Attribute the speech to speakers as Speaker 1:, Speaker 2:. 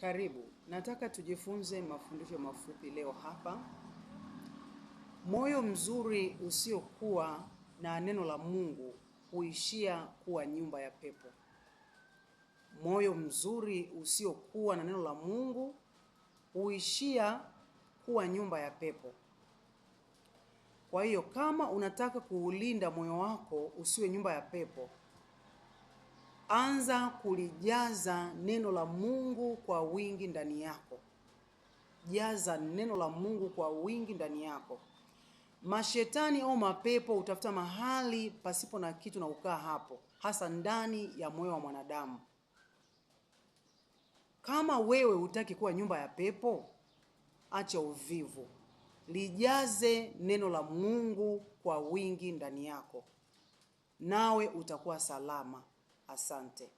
Speaker 1: Karibu, nataka tujifunze mafundisho mafupi leo hapa. Moyo mzuri usiokuwa na neno la Mungu huishia kuwa nyumba ya pepo. Moyo mzuri usiokuwa na neno la Mungu huishia kuwa nyumba ya pepo. Kwa hiyo kama unataka kuulinda moyo wako usiwe nyumba ya pepo, anza kulijaza neno la Mungu kwa wingi ndani yako. Jaza neno la Mungu kwa wingi ndani yako. Mashetani au mapepo utafuta mahali pasipo na kitu na ukaa hapo, hasa ndani ya moyo wa mwanadamu. Kama wewe hutaki kuwa nyumba ya pepo, acha uvivu, lijaze neno la Mungu kwa wingi ndani yako, nawe utakuwa salama. Asante.